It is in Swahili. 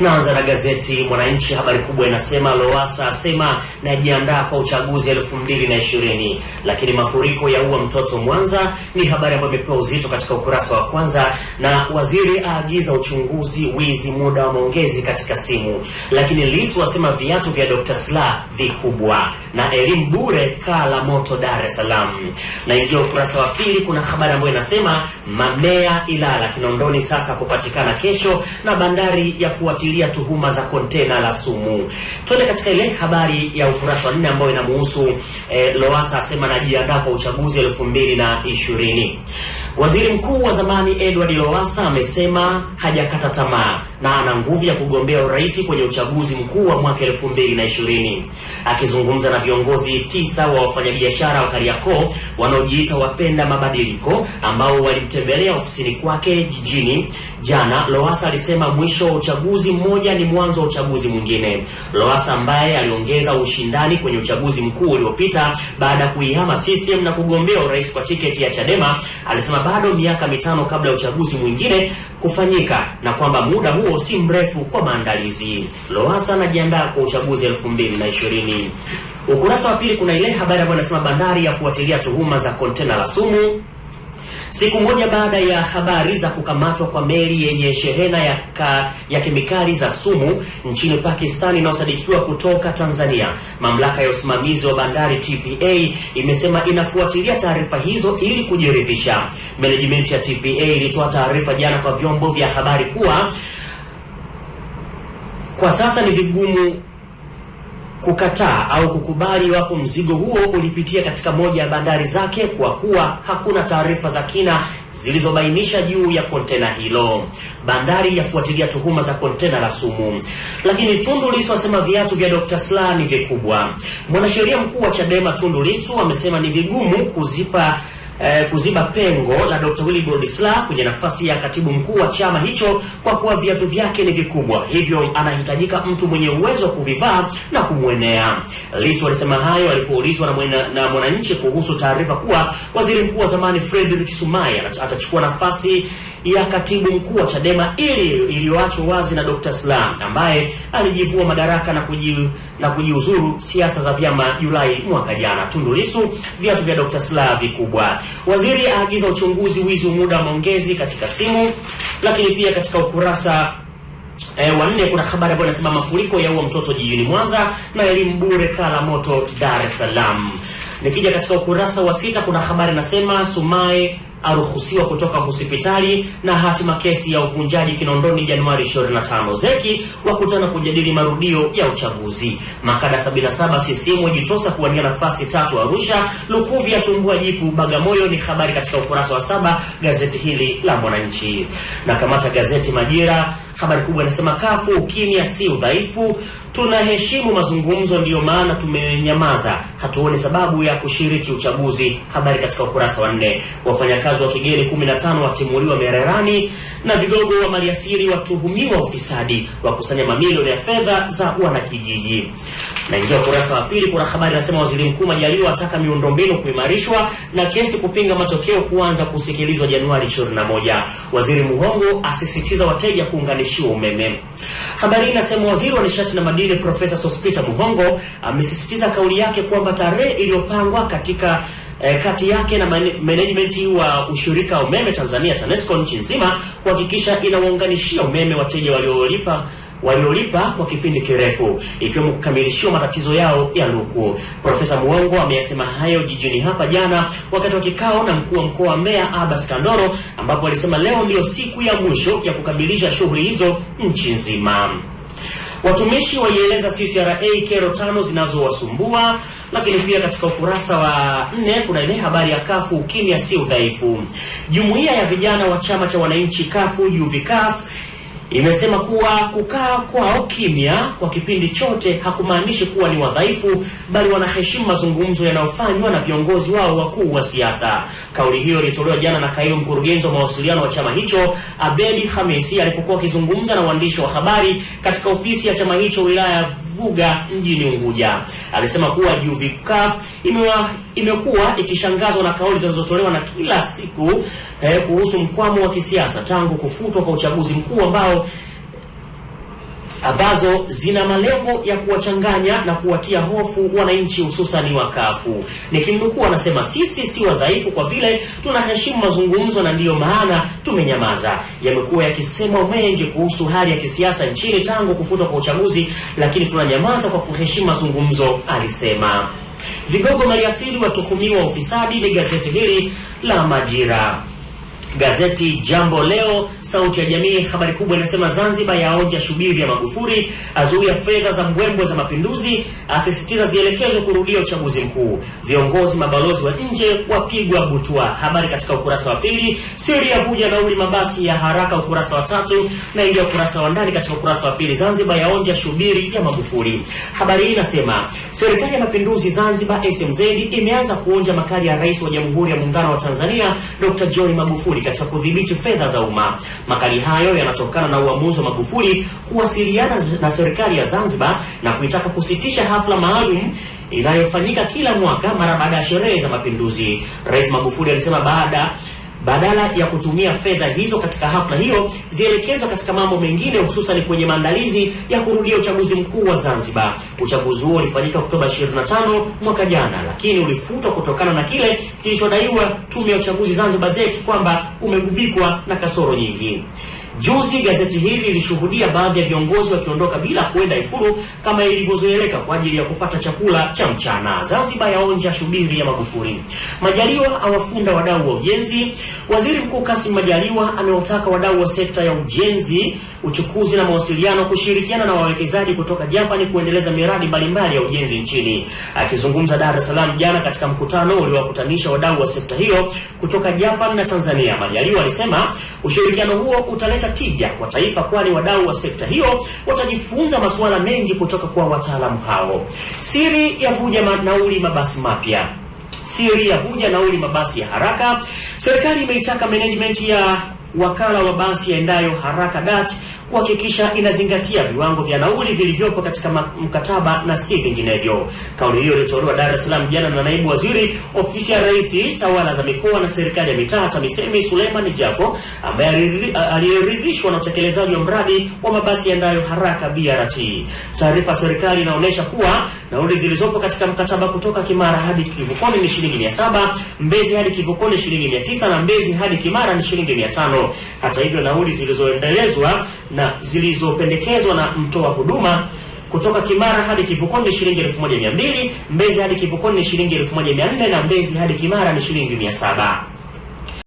Naanza na gazeti Mwananchi, habari kubwa inasema Lowassa asema najiandaa kwa uchaguzi elfu mbili na ishirini, lakini mafuriko ya ua mtoto Mwanza ni habari ambayo imepewa uzito katika ukurasa wa kwanza, na waziri aagiza uchunguzi wizi muda wa maongezi katika simu, lakini Lissu asema viatu vya Dr. Slaa vikubwa na elimu bure Kala Moto, Dar es Salaam. Na ingia ukurasa wa pili, kuna habari ambayo inasema Mamea Ilala Kinondoni sasa kupatikana kesho, na bandari yafuatilia tuhuma za kontena la sumu. Twende katika ile habari ya ukurasa wa nne ambayo inamuhusu eh, Lowassa asema anajiandaa kwa uchaguzi elfu mbili na ishirini. Waziri mkuu wa zamani Edward Lowassa amesema hajakata tamaa na ana nguvu ya kugombea urais kwenye uchaguzi mkuu wa mwaka 2020. Akizungumza na viongozi tisa wa wafanyabiashara wa Kariakoo wanaojiita wapenda mabadiliko ambao walimtembelea ofisini kwake jijini, Jana Loasa alisema mwisho wa uchaguzi mmoja ni mwanzo wa uchaguzi mwingine. loasa ambaye aliongeza ushindani kwenye uchaguzi mkuu uliopita baada ya kuihama CCM na kugombea urais kwa tiketi ya Chadema, alisema bado miaka mitano kabla ya uchaguzi mwingine kufanyika na kwamba muda huo si mrefu kwa maandalizi. Loasa anajiandaa kwa uchaguzi 2020. Ukurasa wa pili kuna ile habari ambayo inasema bandari yafuatilia tuhuma za kontena la sumu Siku moja baada ya habari za kukamatwa kwa meli yenye shehena ya, ka, ya kemikali za sumu nchini Pakistan inayosadikiwa kutoka Tanzania, mamlaka ya usimamizi wa bandari TPA imesema inafuatilia taarifa hizo ili kujiridhisha. Management ya TPA ilitoa taarifa jana kwa vyombo vya habari kuwa kwa sasa ni vigumu kukataa au kukubali iwapo mzigo huo ulipitia katika moja ya bandari zake kwa kuwa hakuna taarifa za kina zilizobainisha juu ya kontena hilo. Bandari yafuatilia tuhuma za kontena la sumu. Lakini Tundu Lissu asema viatu vya Dr. Slaa ni vikubwa. Mwanasheria mkuu wa Chadema Tundu Lissu amesema ni vigumu kuzipa eh, kuziba pengo la Dr. Willibrod Slaa kwenye nafasi ya katibu mkuu wa chama hicho kwa kuwa viatu vyake ni vikubwa, hivyo anahitajika mtu mwenye uwezo wa kuvivaa na kumwenea. Lissu alisema hayo alipoulizwa na Mwananchi kuhusu taarifa kuwa waziri mkuu wa zamani Frederick Sumaye atachukua nafasi ya katibu mkuu wa Chadema ili iliyoachwa wazi na Dr. Slaa ambaye alijivua madaraka na kuji, na kujiuzuru siasa za vyama Julai mwaka jana. Tundu Lissu, viatu vya Dr. Slaa vikubwa. Waziri aagiza uchunguzi wizi muda wa maongezi katika simu, lakini pia katika ukurasa E, eh, wanne kuna habari ambayo inasema mafuriko yaua mtoto jijini Mwanza na elimu bure kala moto Dar es Salaam. Nikija katika ukurasa wa sita kuna habari inasema Sumaye aruhusiwa kutoka hospitali na hatima kesi ya uvunjaji Kinondoni Januari 25. Zeki wakutana kujadili marudio ya uchaguzi. Makada 77 CCM wajitosa kuwania nafasi tatu Arusha. Lukuvi atumbua jipu Bagamoyo, ni habari katika ukurasa wa saba gazeti hili la Mwananchi. Na kamata gazeti Majira Habari kubwa inasema kafu ukimya si udhaifu, tunaheshimu mazungumzo, ndiyo maana tumenyamaza, hatuoni sababu ya kushiriki uchaguzi. Habari katika ukurasa wa nne. Wafanyakazi wa kigeni 15 watimuliwa Mererani na vigogo wa maliasiri watuhumiwa ufisadi wakusanya mamilioni ya fedha za wanakijiji. Na ingia ukurasa wa pili, kuna habari inasema waziri mkuu Majaliwa ataka miundombinu kuimarishwa na kesi kupinga matokeo kuanza kusikilizwa Januari 21. Waziri Muhongo asisitiza wateja kuunganishiwa umeme. Habari inasema waziri wa nishati na madini Profesa Sospita Muhongo amesisitiza kauli yake kwamba tarehe iliyopangwa katika eh, kati yake na management wa ushirika wa umeme Tanzania TANESCO nchi nzima kuhakikisha inawaunganishia umeme wateja waliolipa waliolipa kwa kipindi kirefu ikiwemo kukamilishiwa matatizo yao ya luku. Profesa Muongo ameyasema hayo jijini hapa jana wakati wa kikao na mkuu wa mkoa wa Mbeya Abbas Kandoro, ambapo alisema leo ndiyo siku ya mwisho ya kukamilisha shughuli hizo nchi nzima. Watumishi walieleza CCRA kero tano zinazowasumbua lakini pia katika ukurasa wa nne kuna ile habari ya kafu ukimya si udhaifu. Jumuiya ya vijana wa chama cha wananchi kafu uvikaf imesema kuwa kukaa kwao kimya kwa kipindi chote hakumaanishi kuwa ni wadhaifu, bali wanaheshimu mazungumzo yanayofanywa na viongozi wao wakuu wa siasa. Kauli hiyo ilitolewa jana na kaimu mkurugenzi wa mawasiliano wa chama hicho Abedi Hamisi alipokuwa akizungumza na waandishi wa habari katika ofisi ya chama hicho wilaya ya Vuga mjini Unguja. Alisema kuwa juvikaf imekuwa ikishangazwa na kauli zinazotolewa na kila siku eh, kuhusu mkwamo wa kisiasa tangu kufutwa kwa uchaguzi mkuu ambao ambazo zina malengo ya kuwachanganya na kuwatia hofu wananchi hususani wakafu. Nikimnukuu anasema sisi si wadhaifu kwa vile tunaheshimu mazungumzo na ndiyo maana tumenyamaza. Yamekuwa yakisema mengi kuhusu hali ya kisiasa nchini tangu kufutwa kwa uchaguzi, lakini tunanyamaza kwa kuheshimu mazungumzo, alisema. Vigogo maliasili watuhumiwa ufisadi, ni gazeti hili la Majira. Gazeti Jambo Leo, sauti ya jamii, habari kubwa inasema Zanzibar yaonja shubiri ya Magufuli, azuia fedha za mbwembwe za mapinduzi, asisitiza zielekezwe kurudia uchaguzi mkuu, viongozi mabalozi wa nje wapigwa butwa. Habari katika ukurasa wa pili. Siri ya vuja nauli mabasi ya haraka, ukurasa wa tatu, na ingia ukurasa wa ndani katika ukurasa wa pili. Zanzibar yaonja shubiri ya Magufuli. Habari hii inasema serikali ya mapinduzi Zanzibar SMZ imeanza kuonja makali ya rais wa Jamhuri ya Muungano wa Tanzania Dr. John Magufuli Magufuli katika kudhibiti fedha za umma. Makali hayo yanatokana na uamuzi wa Magufuli kuwasiliana na serikali ya Zanzibar na kuitaka kusitisha hafla maalum inayofanyika kila mwaka mara baada ya sherehe za Mapinduzi. Rais Magufuli alisema baada badala ya kutumia fedha hizo katika hafla hiyo zielekezwa katika mambo mengine, hususan kwenye maandalizi ya kurudia uchaguzi mkuu wa Zanzibar. Uchaguzi huo ulifanyika Oktoba 25 mwaka jana, lakini ulifutwa kutokana na kile kilichodaiwa Tume ya Uchaguzi Zanzibar ZEC kwamba umegubikwa na kasoro nyingi. Juzi gazeti hili lilishuhudia baadhi ya viongozi wakiondoka bila kwenda Ikulu kama ilivyozoeleka kwa ajili ya kupata chakula cha mchana. Zanzibar yaonja shubiri ya Magufuli. Majaliwa awafunda wadau wa ujenzi. Waziri Mkuu Kassim Majaliwa amewataka wadau wa sekta ya ujenzi, uchukuzi na mawasiliano kushirikiana na wawekezaji kutoka Japani kuendeleza miradi mbalimbali ya ujenzi nchini. Akizungumza Dar es Salaam jana katika mkutano uliowakutanisha wadau wa sekta hiyo kutoka Japan na Tanzania, Majaliwa alisema ushirikiano huo utaleta kuleta tija kwa taifa, kwani wadau wa sekta hiyo watajifunza masuala mengi kutoka kwa wataalamu hao. Siri ya vuja nauli mabasi mapya siri ya vuja nauli mabasi ya haraka. Serikali imeitaka management ya wakala wa basi yaendayo haraka DART kuhakikisha inazingatia viwango vya nauli vilivyopo katika mkataba na si vinginevyo. Kauli hiyo ilitolewa Dar es Salaam jana na naibu waziri ofisi ya Rais, tawala za mikoa na serikali ya mitaa, TAMISEMI, Suleiman Jafo, ambaye aliyeridhishwa na utekelezaji wa mradi wa mabasi yaendayo haraka BRT. Taarifa ya serikali inaonyesha kuwa nauli zilizopo katika mkataba kutoka Kimara hadi Kivukoni ni shilingi mia saba, Mbezi hadi Kivukoni shilingi mia tisa na Mbezi hadi Kimara ni shilingi mia tano. Hata hivyo nauli zilizoendelezwa na zilizopendekezwa na mtoa huduma kutoka Kimara hadi Kivukoni ni shilingi 1200, Mbezi hadi Kivukoni ni shilingi 1400 na Mbezi hadi Kimara ni shilingi 700.